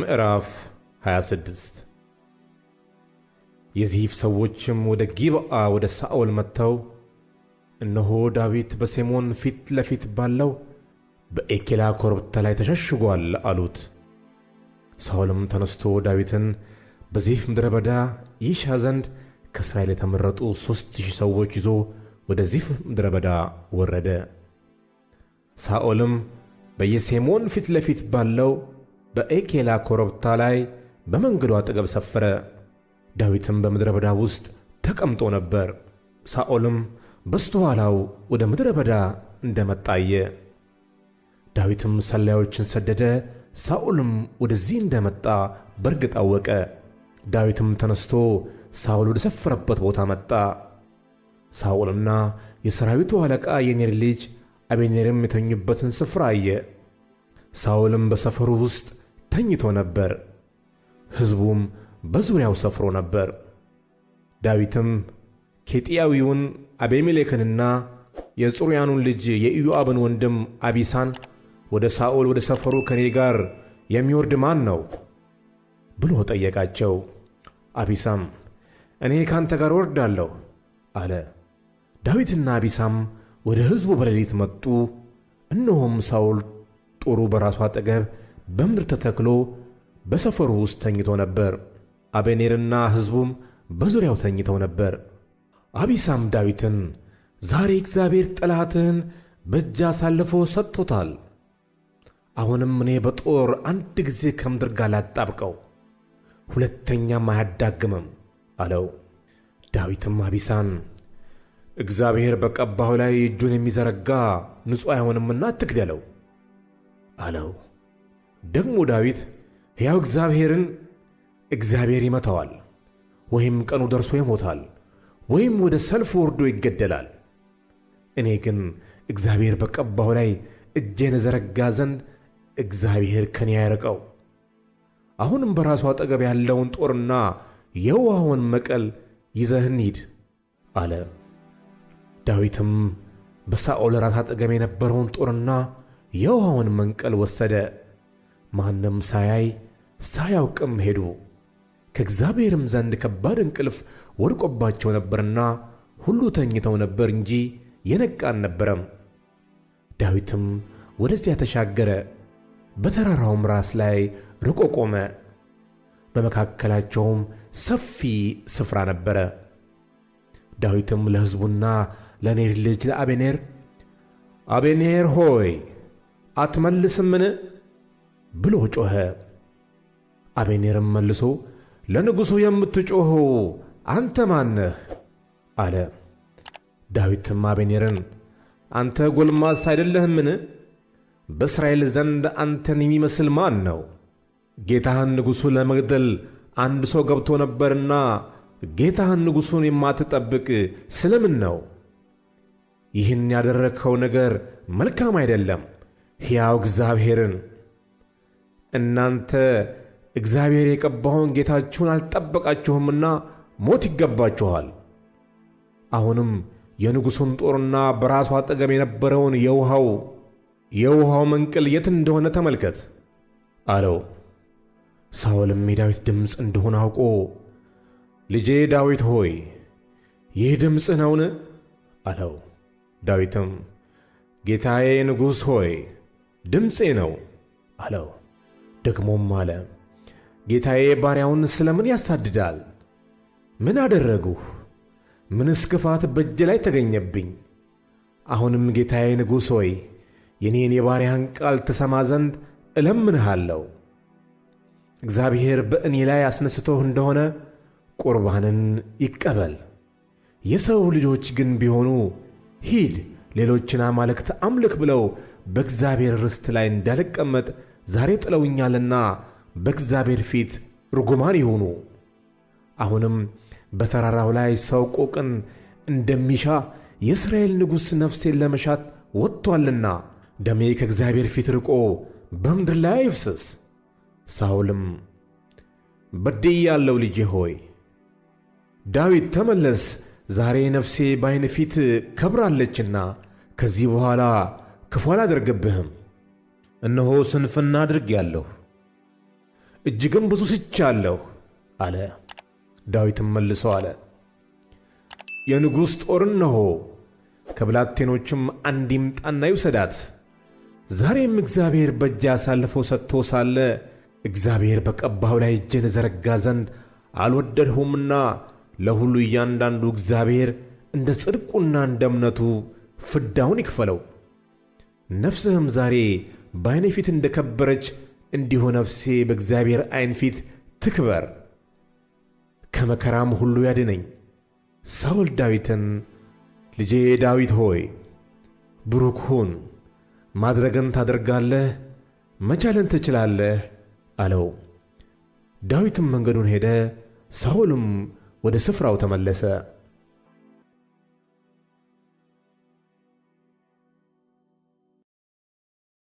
ምዕራፍ 26 የዚፍ ሰዎችም ወደ ጊብዓ ወደ ሳኦል መጥተው እነሆ ዳዊት በሴሞን ፊት ለፊት ባለው በኤኬላ ኮረብታ ላይ ተሸሽጓል አሉት። ሳኦልም ተነስቶ ዳዊትን በዚፍ ምድረ በዳ ይሻ ዘንድ ከእስራኤል የተመረጡ ሦስት ሺህ ሰዎች ይዞ ወደ ዚፍ ምድረ በዳ ወረደ። ሳኦልም በየሴሞን ፊት ለፊት ባለው በኤኬላ ኮረብታ ላይ በመንገዱ አጠገብ ሰፈረ። ዳዊትም በምድረ በዳ ውስጥ ተቀምጦ ነበር። ሳኦልም በስተኋላው ወደ ምድረ በዳ እንደመጣ አየ። ዳዊትም ሰላዮችን ሰደደ፣ ሳኦልም ወደዚህ እንደመጣ በእርግጥ አወቀ። ዳዊትም ተነስቶ ሳኦል ወደ ሰፈረበት ቦታ መጣ። ሳኦልና የሰራዊቱ አለቃ የኔር ልጅ አቤኔርም የተኙበትን ስፍራ አየ። ሳኦልም በሰፈሩ ውስጥ ተኝቶ ነበር፤ ሕዝቡም በዙሪያው ሰፍሮ ነበር። ዳዊትም ኬጢያዊውን አቤሜሌክንና የጽሩያኑን ልጅ የኢዮአብን ወንድም አቢሳን ወደ ሳኦል ወደ ሰፈሩ ከኔ ጋር የሚወርድ ማን ነው? ብሎ ጠየቃቸው። አቢሳም እኔ ካንተ ጋር ወርዳለሁ አለ። ዳዊትና አቢሳም ወደ ሕዝቡ በሌሊት መጡ። እነሆም ሳኦል ጦሩ በራሱ አጠገብ በምድር ተተክሎ በሰፈሩ ውስጥ ተኝቶ ነበር። አበኔርና ሕዝቡም በዙሪያው ተኝተው ነበር። አቢሳም ዳዊትን ዛሬ እግዚአብሔር ጠላትህን በእጅ አሳልፎ ሰጥቶታል፣ አሁንም እኔ በጦር አንድ ጊዜ ከምድር ጋር ላጣብቀው፣ ሁለተኛም አያዳግምም አለው። ዳዊትም አቢሳን እግዚአብሔር በቀባው ላይ እጁን የሚዘረጋ ንጹሕ አይሆንምና አትግደለው አለው። ደግሞ ዳዊት ሕያው እግዚአብሔርን እግዚአብሔር ይመታዋል፣ ወይም ቀኑ ደርሶ ይሞታል፣ ወይም ወደ ሰልፍ ወርዶ ይገደላል። እኔ ግን እግዚአብሔር በቀባሁ ላይ እጄን ዘረጋ ዘንድ እግዚአብሔር ከኔ አይረቀው አሁንም በራሱ አጠገብ ያለውን ጦርና የውሃውን መቀል ይዘህን ሂድ አለ። ዳዊትም በሳኦል ራስ አጠገብ የነበረውን ጦርና የውሃውን መንቀል ወሰደ። ማንም ሳያይ ሳያውቅም ሄዱ። ከእግዚአብሔርም ዘንድ ከባድ እንቅልፍ ወድቆባቸው ነበርና ሁሉ ተኝተው ነበር እንጂ የነቃ አልነበረም። ዳዊትም ወደዚያ ተሻገረ፣ በተራራውም ራስ ላይ ርቆ ቆመ። በመካከላቸውም ሰፊ ስፍራ ነበረ። ዳዊትም ለሕዝቡና ለኔር ልጅ ለአቤኔር አቤኔር ሆይ አትመልስምን? ብሎ ጮኸ። አቤኔርም መልሶ ለንጉሡ የምትጮኸው አንተ ማነህ? አለ። ዳዊትም አቤኔርን አንተ ጎልማስ አይደለህምን? በእስራኤል ዘንድ አንተን የሚመስል ማን ነው? ጌታህን ንጉሡ ለመግደል አንድ ሰው ገብቶ ነበርና ጌታህን ንጉሡን የማትጠብቅ ስለምን ነው? ይህን ያደረግኸው ነገር መልካም አይደለም። ሕያው እግዚአብሔርን እናንተ እግዚአብሔር የቀባውን ጌታችሁን አልጠበቃችሁምና ሞት ይገባችኋል። አሁንም የንጉሡን ጦርና በራሱ አጠገብ የነበረውን የውሃው የውሃው መንቅል የት እንደሆነ ተመልከት አለው። ሳውልም የዳዊት ድምፅ እንደሆነ አውቆ ልጄ ዳዊት ሆይ ይህ ድምፅ ነውን? አለው። ዳዊትም ጌታዬ ንጉሥ ሆይ ድምፄ ነው አለው። ደግሞም አለ ጌታዬ ባሪያውን ስለ ምን ያሳድዳል? ምን አደረግሁ? ምንስ ክፋት በእጄ ላይ ተገኘብኝ? አሁንም ጌታዬ ንጉሥ ሆይ የኔን የባሪያን ቃል ትሰማ ዘንድ እለምንሃለሁ። እግዚአብሔር በእኔ ላይ አስነስቶህ እንደሆነ ቁርባንን ይቀበል። የሰው ልጆች ግን ቢሆኑ ሂድ ሌሎችን አማልክት አምልክ ብለው በእግዚአብሔር ርስት ላይ እንዳልቀመጥ ዛሬ ጥለውኛልና በእግዚአብሔር ፊት ርጉማን ይሁኑ። አሁንም በተራራው ላይ ሰው ቆቅን እንደሚሻ የእስራኤል ንጉሥ ነፍሴን ለመሻት ወጥቶአልና ደሜ ከእግዚአብሔር ፊት ርቆ በምድር ላይ አይፍስስ። ሳውልም ያለው ልጄ ሆይ ዳዊት ተመለስ፣ ዛሬ ነፍሴ በዓይን ፊት ከብራለችና ከዚህ በኋላ ክፉ አላደርግብህም እነሆ ስንፍና አድርጌአለሁ፣ እጅግም ብዙ ስቻለሁ አለ። ዳዊትም መልሶ አለ፣ የንጉሥ ጦር እነሆ፣ ከብላቴኖችም አንድ ይምጣና ይውሰዳት። ዛሬም እግዚአብሔር በእጅ አሳልፎ ሰጥቶ ሳለ እግዚአብሔር በቀባው ላይ እጄን ዘረጋ ዘንድ አልወደድሁምና ለሁሉ እያንዳንዱ እግዚአብሔር እንደ ጽድቁና እንደ እምነቱ ፍዳውን ይክፈለው። ነፍስህም ዛሬ በዓይኔ ፊት እንደ ከበረች እንዲሁ ነፍሴ በእግዚአብሔር ዓይን ፊት ትክበር። ከመከራም ሁሉ ያድነኝ። ሳውል ዳዊትን ልጄ ዳዊት ሆይ ብሩክ ሁን፣ ማድረግን ታደርጋለህ፣ መቻልን ትችላለህ አለው። ዳዊትም መንገዱን ሄደ፣ ሳውልም ወደ ስፍራው ተመለሰ።